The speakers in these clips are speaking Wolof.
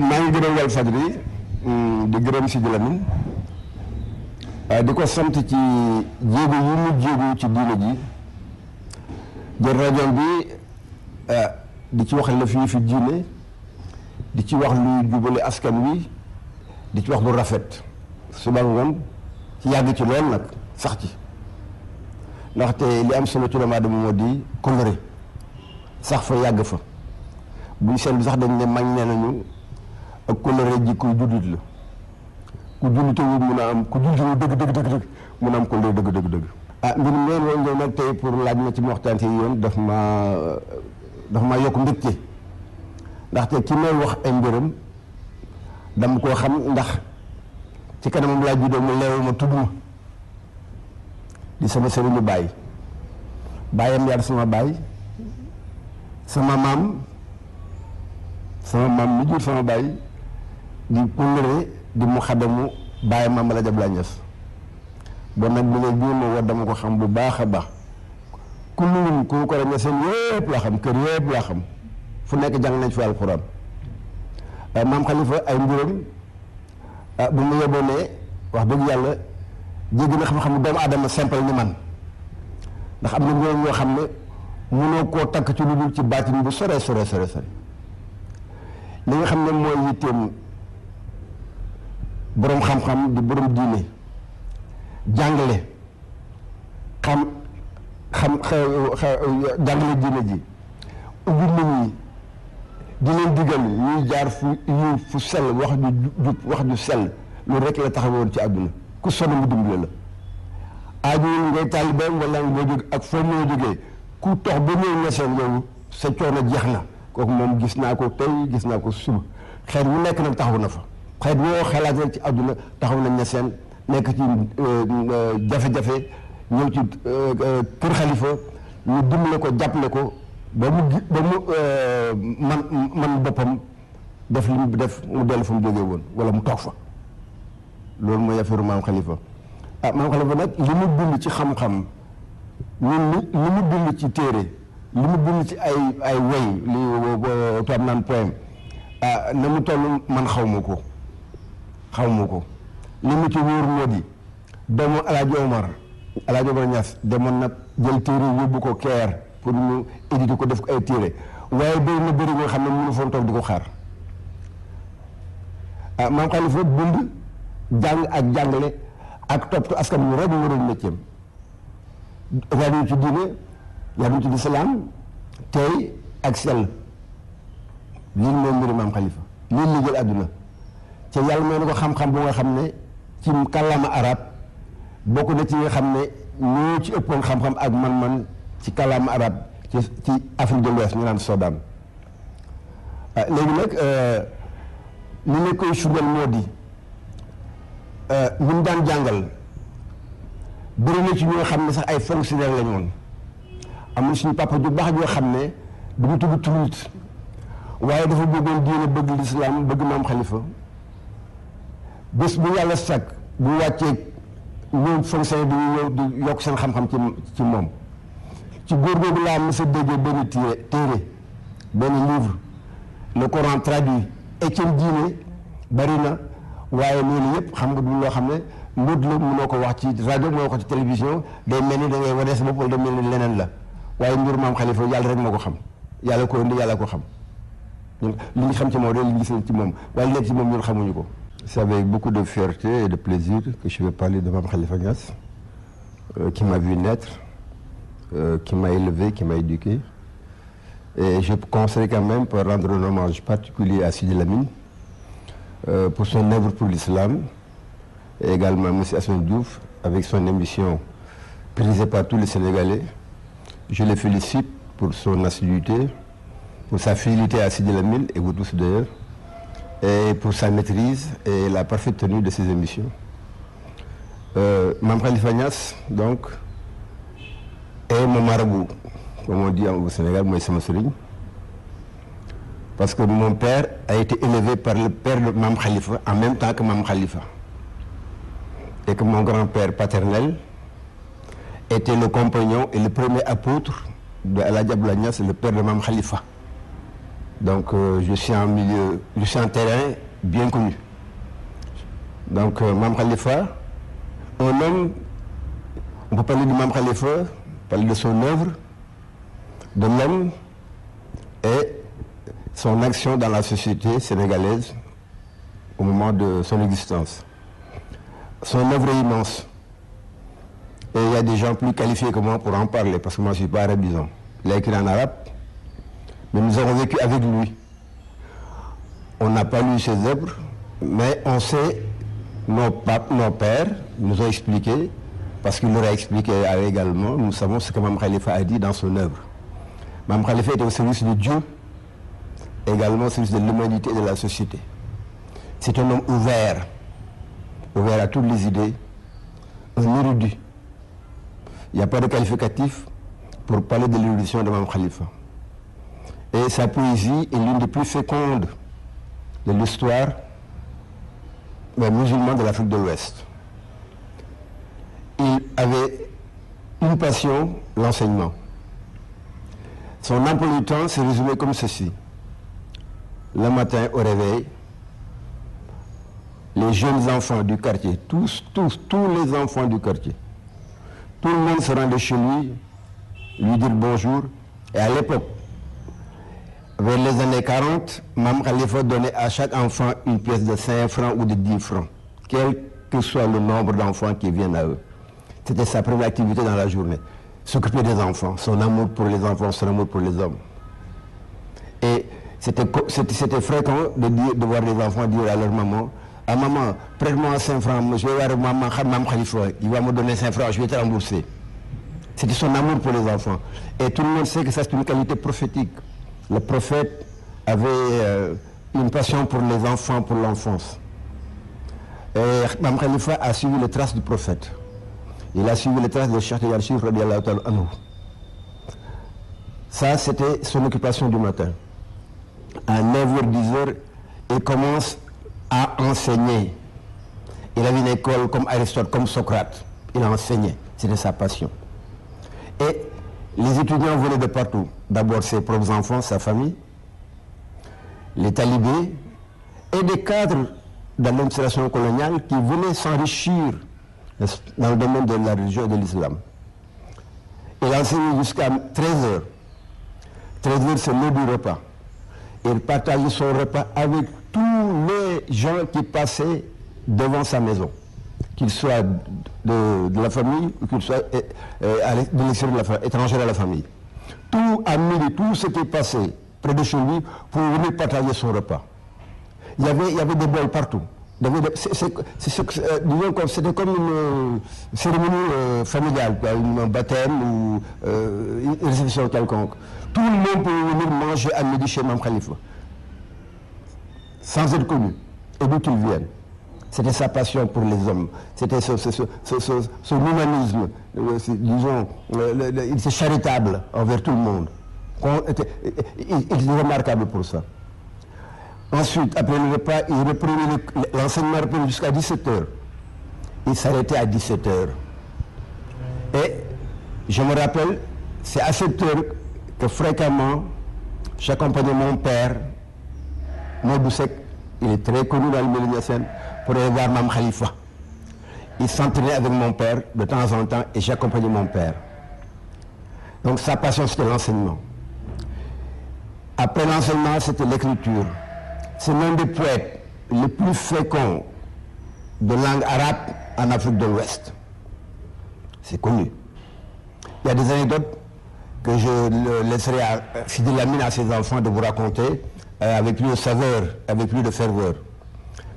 maa ngi gërëm Walfadjri mm, di gërëm Sidi Lamine di ko sant ci jéego yi mu jéego ci diine ji jël rajo bi eh, di ci wax la fii fi di ci wax luy jubale askan wi di ci wax lu rafet suba ngoon ci yàgg ci lool nag sax ci ndaxte li am solo ci doomu aadama moo di congrès sax fa yàgg fa buñ seen bi sax dañ ne mañ nee nañu ak kóllëre ji kuy jullit la ku jullitewu mun a am ku jullitewu dëgg dëgg dëgg mun a am kóllëre dëgg dëgg dëgg. ah mbir mi loolu nag nag tey pour laaj ma ci ma waxtaan si yoon daf maa daf maa yokk mbégte ndaxte ki may wax ay mbiram dama koo xam ndax ci kanamam laaj juddoo mu leewu ma tudd ma di sama sëriñu bàyyi bàyyam yar sama bàyyi sama maam sama maam mi jur sama bàyyi. di kóllëre di mu xadamu bàyyi maam El Hadj Abdoulaye Niass bon nag bu ne bii ma war dama ko xam bu baax a baax ku luum ku ko ràññee seen yëpp laa xam kër yëpp laa xam fu nekk jàng nañ fi alxuraan eh, maam Khalifa ay mbiram eh, bu mu yeboo ne wax dëgg yàlla jéggi na xam-xam doomu aadama simple ni man ndax am na mbiram yoo xam ne mënoo koo takk ci lu dul ci baatin bu sore sore sore sore li nga xam ne mooy yitteem boroom xam-xam di boroom diine jàngale xam xam jàngale diine ji ubbi nit ñi di leen digal ñuy jaar fu yiw fu sell wax ju jub wax ju sell loolu rek la taxawoon ci àdduna ku sonn mu dimbale la aajowul ngay taalibeem wala nga jóg ak foo mën a ku tox ba ñëw neseen yow sa coono jeex na kooku moom gis naa ko tey gis naa ko suba xeer wu nekk nag taxaw na fa xeet woo xalaat rek ci àdduna taxaw nañ ne seen nekk ci jafe-jafe ñëw ci kër xalifa ñu dimbale ko jàppale ko ba mu ba mu man boppam def li mu def mu dellu fa mu jógee woon wala mu toog fa loolu mooy affaire maam xalifa ah maam xalifa nag li mu bind ci xam-xam ñun li mu bind ci téere li mu bind ci ay ay woy li tubaab naan poème ah na mu toll man xaw ma ko xaw ma ko li mu ci wóor moo di doomu Alaaji Omar Alaaji Omar Niass demoon na jël téere yóbbu ko keer pour ñu édité ko def ko ay téere waaye bëri na bëri nga xam ne mënu foon toog di ko xaar ah maam Xalifa bind jàng ak jàngale ak topp askan wi rek mu waroon métier am yaduñu ci diine yaduñu ci lislaam tey ak sell lii mooy mbiri maam Xalifa lii liggéeyal àdduna ci yàlla may na ko xam-xam bu nga xam ne ci kàllaama arab bokk na ci nga xam ne ñoo ci ëppoon xam-xam ak man-man ci kàllaama arab ci ci Afrique de l'Ouest ñu naan Soudan ah, léegi nag euh, li ne koy sugal moo di euh, ñu daan jàngal bëri na ci ñoo xam ne sax ay fonctionnaire la ñu woon am na suñu papa ju baax joo xam ne du mu tudd turut waaye dafa bëggoon diine bëgg lislaam bëgg maam xalifa bés bu yàlla sàkk bu wàccee ñoom fonctionnaire bi ñëw di yokk seen xam-xam ci ci moom ci góor googu laa mës a déggee benn téere téere benn livre le Coran traduit étienne diine bari na waaye loolu yëpp xam nga du loo xam ne mbóot la mënoo ko wax ci rajo mënoo ko ci télévision day mel ni da ngay wane sa bopp wala day mel ni leneen la waaye njur maam xalifa yàlla rek noo ko xam yàlla ko indi yàlla ko xam li ñu xam ci moom rek li ñu ci moom waaye léegi ci moom ñun xamuñu ko C'est avec beaucoup de fierté et de plaisir que je vais parler de Mame Khalifa Niass, euh, qui m'a vu naître, euh, qui m'a élevé, qui m'a éduqué. Et je conseille quand même pour rendre un hommage particulier à Sidi Lamine euh, pour son œuvre pour l'islam et également M. Assane Diouf avec son émission prisée par tous les Sénégalais. Je le félicite pour son assiduité, pour sa fidélité à Sidi Lamine et vous tous d'ailleurs. et pour sa maîtrise et la parfaite tenue de ses émissions. Euh, Mam Khalifa Niass donc est mon marabout comme on dit au Sénégal mooy sama sëriñ parce que mon père a été élevé par le père de Mam Khalifa en même temps que Mam Khalifa et que mon grand-père paternel était le compagnon et le premier apôtre de El Hadj Abdoulaye le père de Mam Khalifa. Donc euh, je suis en milieu, je suis en terrain bien connu. Donc euh, Mam Khalifa, un on peut parler de Mam Khalifa, parler de son œuvre, de l'homme et son action dans la société sénégalaise au moment de son existence. Son œuvre est immense. Et il y a des gens plus qualifiés que moi pour en parler, parce que moi je suis pas arabisant. Il a écrit en arabe, mais nous avons vécu avec lui. On n'a pas lu ses œuvres, mais on sait, nos papes, nos pères nous ont expliqué, parce qu'il leur a expliqué également, nous savons ce que Mme Khalifa a dit dans son œuvre. Mme Khalifa était au service de Dieu, également au service de l'humanité et de la société. C'est un homme ouvert, ouvert à toutes les idées, un érudit. Il n'y a pas de qualificatif pour parler de l'évolution de Mme Khalifa. Et sa poésie est l'une des plus fécondes de l'histoire euh, musulmane de l'Afrique de l'Ouest. Il avait une passion, l'enseignement. Son emploi du temps s'est résumé comme ceci. Le matin au réveil, les jeunes enfants du quartier, tous, tous, tous les enfants du quartier, tout le monde se rendait chez lui, lui dire bonjour. Et à l'époque, Vers les années Mam Khalifa donnait à chaque enfant une pièce de 5 francs ou de 10 francs, quel que soit le nombre d'enfants qui viennent à eux. C'était sa première activité dans la journée. S'occuper des enfants, son amour pour les enfants, son amour pour les hommes. Et c'était fréquent de, dire, de voir les enfants dire à leur maman, à ah, maman, prête-moi 5 francs, je va me donner francs, je vais te C'était son amour pour les enfants. Et tout le monde sait que c'est une qualité le prophète avait euh, une passion pour les enfants, pour l'enfance. Et Mam Khalifa a suivi les traces du prophète. Il a suivi les traces de Cheikh Yarshif radiallahu ta'ala anhu. Ça, c'était son occupation du matin. À 9h, 10h, il commence à enseigner. Il avait une école comme Aristote, comme Socrate. Il a enseigné. C'était sa passion. Et Les étudiants venaient de partout. D'abord ses propres enfants, sa famille, les talibés et des cadres de l'administration coloniale qui venaient s'enrichir dans le domaine de la religion et de l'islam. Il enseignait jusqu'à 13 heures. 13 heures, c'est l'heure du repas. Il partageait son repas avec tous les gens qui passaient devant sa maison. qu'il soit de, de, la famille ou qu'il soit euh, à euh, de l'extérieur de la étranger à la famille. Tout a mis de tout ce qui est passé près de chez lui pour venir partager son repas. Il y avait, il y avait des bols partout. Euh, c'était comme une euh, cérémonie euh, familiale, quoi, une, un baptême ou euh, une réception quelconque. Tout le monde pouvait venir manger à midi chez Mme Khalifa, sans être connu, et d'où qu'il vienne. C'était sa passion pour les hommes. C'était son, humanisme. Euh, disons, le, euh, le, le, il était charitable envers tout le monde. il, il remarquable pour ça. Ensuite, après le repas, il l'enseignement reprenait jusqu'à 17h. Il s'arrêtait à 17h. Et je me rappelle, c'est à cette heure que fréquemment, j'accompagnais mon père, Maudoussek, il est très connu dans le Mélinacène, pour aller voir Mam Khalifa. Il s'entraînait avec mon père de temps en temps et j'accompagnais mon père. Donc sa passion, c'était l'enseignement. Après l'enseignement, c'était l'écriture. C'est l'un des poètes les plus féconds de langue arabe en Afrique de l'Ouest. C'est connu. Il y a des anecdotes que je laisserai à Fidel Lamine à ses enfants de vous raconter euh, avec plus de saveur, avec plus de ferveur.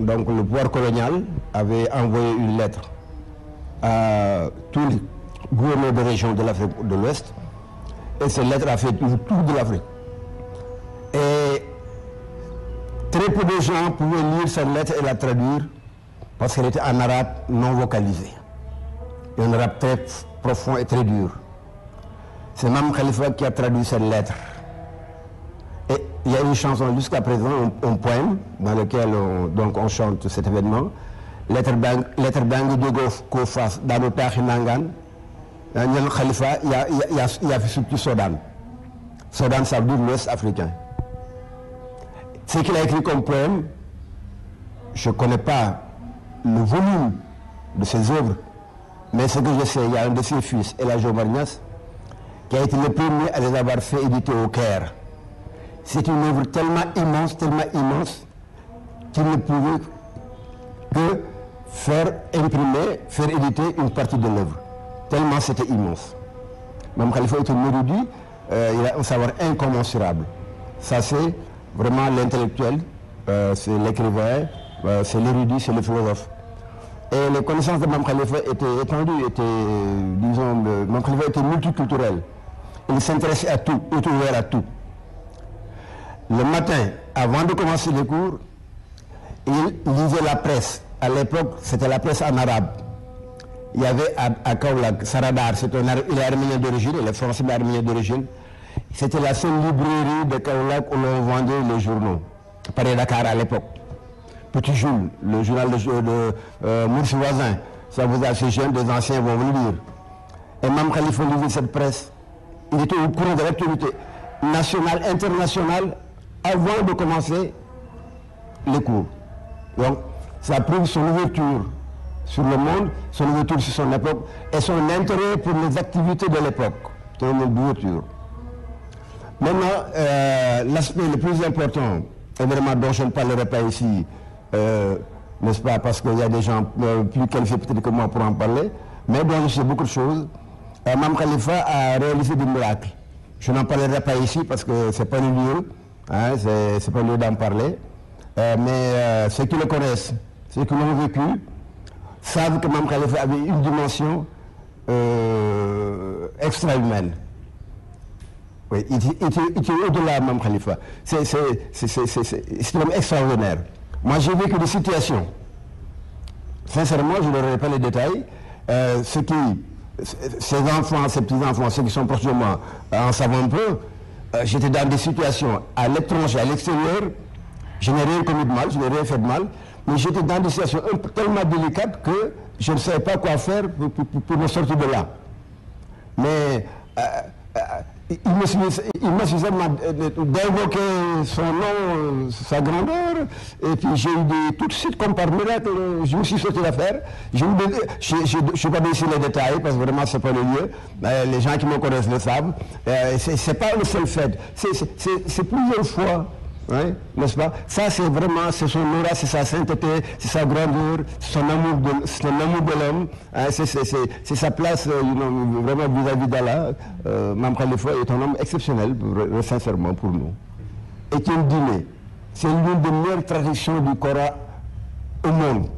donc le pouvoir colonial avait envoyé une lettre à tous les gouverneurs de régions de l'Afrique de l'Ouest et cette lettre a fait le tour de l'Afrique. Et très peu de gens pouvaient lire cette lettre et la traduire parce qu'elle était en arabe non vocalisé. Et un arabe très profond et très dur. C'est Mam Khalifa qui a traduit cette lettre. il y a une chanson jusqu'à présent, un, poème, dans lequel on, chante cet événement. Letterbang Letterbang jógoo koo faas daanu taaxi nangaan ñan euh, xalifa yaa yaa yaa fi surtout Sodan Sodan ça dire l'Ouest africain ce qu'il a écrit comme poème je connais pas le volume de ses œuvres mais ce que je sais il y a un de ses fils El Hadj Omar Niass qui a été le premier à les avoir fait éditer au Caire C'est une œuvre tellement immense, tellement immense, qu'il ne pouvait que faire imprimer, faire éditer une partie de l'œuvre. Tellement c'était immense. Même Khalifa était Mouroudi, euh, il a un savoir incommensurable. Ça c'est vraiment l'intellectuel, euh, c'est l'écrivain, euh, c'est l'érudit, c'est le philosophe. Et les connaissances de Mam Khalifa étaient étendues, étaient, euh, disons, Mam Khalifa était multiculturel. Il s'intéressait à tout, il était ouvert à tout. Le matin, avant de commencer les cours, il lisait la presse. À l'époque, c'était la presse en arabe. Il y avait à, à Kaoulak, Saradar, c'est un, il est arménien d'origine, il est français mais arménien d'origine. C'était la seule librairie de Kaolack où l'on vendait les journaux. Paris Dakar à l'époque. Petit Joule, le journal de, de euh, Moursi Voisin, ça vous a fait jeune, des anciens vont vous lire. Et même Khalifa lisait cette presse. Il était au courant de l'actualité nationale, internationale, avant de commencer les cours. Donc, ça prouve son ouverture sur le monde, son ouverture sur son époque et son intérêt pour les activités de l'époque. C'est une ouverture. Maintenant, euh, l'aspect le plus important, évidemment, dont je ne parlerai pas ici, euh, n'est-ce pas, parce qu'il y a des gens euh, plus qualifiés peut-être que moi pour en parler, mais dont je sais beaucoup de choses, euh, Mam Khalifa a réalisé des miracles. Je n'en parlerai pas ici parce que ce n'est pas une vidéo, Hein, c'est c'est pas lieu d'en parler. Euh, mais euh, ceux qui le connaissent, ceux qui l'ont vécu, savent que Mame Khalifa avait une dimension euh, extra-humaine. Oui, il était, il était au-delà de Mame Khalifa. C'est c'est c'est c'est c'est un homme extraordinaire. Moi, j'ai vécu des situations. Sincèrement, je ne donnerai pas les détails. Euh, ceux qui, ces enfants, ces petits-enfants, ceux qui sont proches de moi, euh, en savent un peu. euh, j'étais dans des situations à l'étranger, à l'extérieur, je n'ai rien commis de mal, je n'ai rien fait de mal, mais j'étais dans des situations un peu, tellement délicates que je ne savais pas quoi faire pour, pour, pour me sortir de là. Mais euh, euh il me suffisamment d'évoquer son nom, sa grandeur, et j'ai eu des, tout de suite, comme par miracle, je me suis sauté l'affaire. Je ne pas ici les détails, parce que vraiment, ce n'est pas le lieu. les gens qui me connaissent le savent. Euh, c'est pas le seul fait. C'est plusieurs fois Hein, n'est-ce pas? Ça, c'est vraiment, c'est son aura, c'est sa sainteté, c'est sa grandeur, son amour de, son amour de l'homme, hein, c'est, c'est, c'est, c'est sa place euh, you know, vraiment vis-à-vis d'Allah. Euh, Mame Khalifa est un homme exceptionnel, sincèrement, pour nous. Et qui dîner, c'est l'une des meilleures traductions du Coran au monde,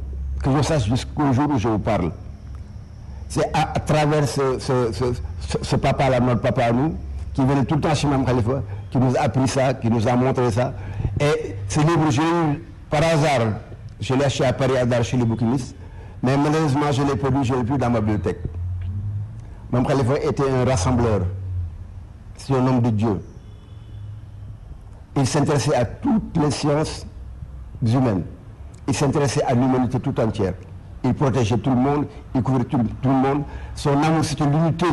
que je sache jusqu'au jour où je vous parle. C'est à, à travers ce, ce, ce, ce papa-là, notre papa à nous, qui venait tout le temps chez Mme Khalifa, qui nous a appris ça, qui nous a montré ça. Et ce livre, je eu, par hasard, je l'ai acheté à Paris à chez le bouquiniste, mais malheureusement, je l'ai produit, je l'ai plus dans ma bibliothèque. Mme Khalifa était un rassembleur, c'est un homme de Dieu. Il s'intéressait à toutes les sciences humaines. Il s'intéressait à l'humanité tout entière. Il protégeait tout le monde. Son amour, c'était l'unité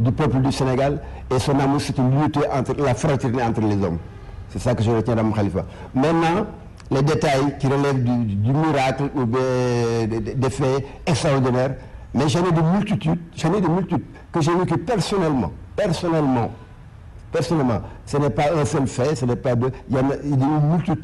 du peuple du Sénégal et son amour c'est une la fraternité entre les hommes c'est ça que je retiens d'Ahmed Khalifa maintenant les détails qui relèvent du, miracle ou des, faits extraordinaires mais j'en ai de multitudes j'en ai de multitudes que j'ai vécu personnellement personnellement personnellement ce n'est pas un seul fait ce n'est pas deux il y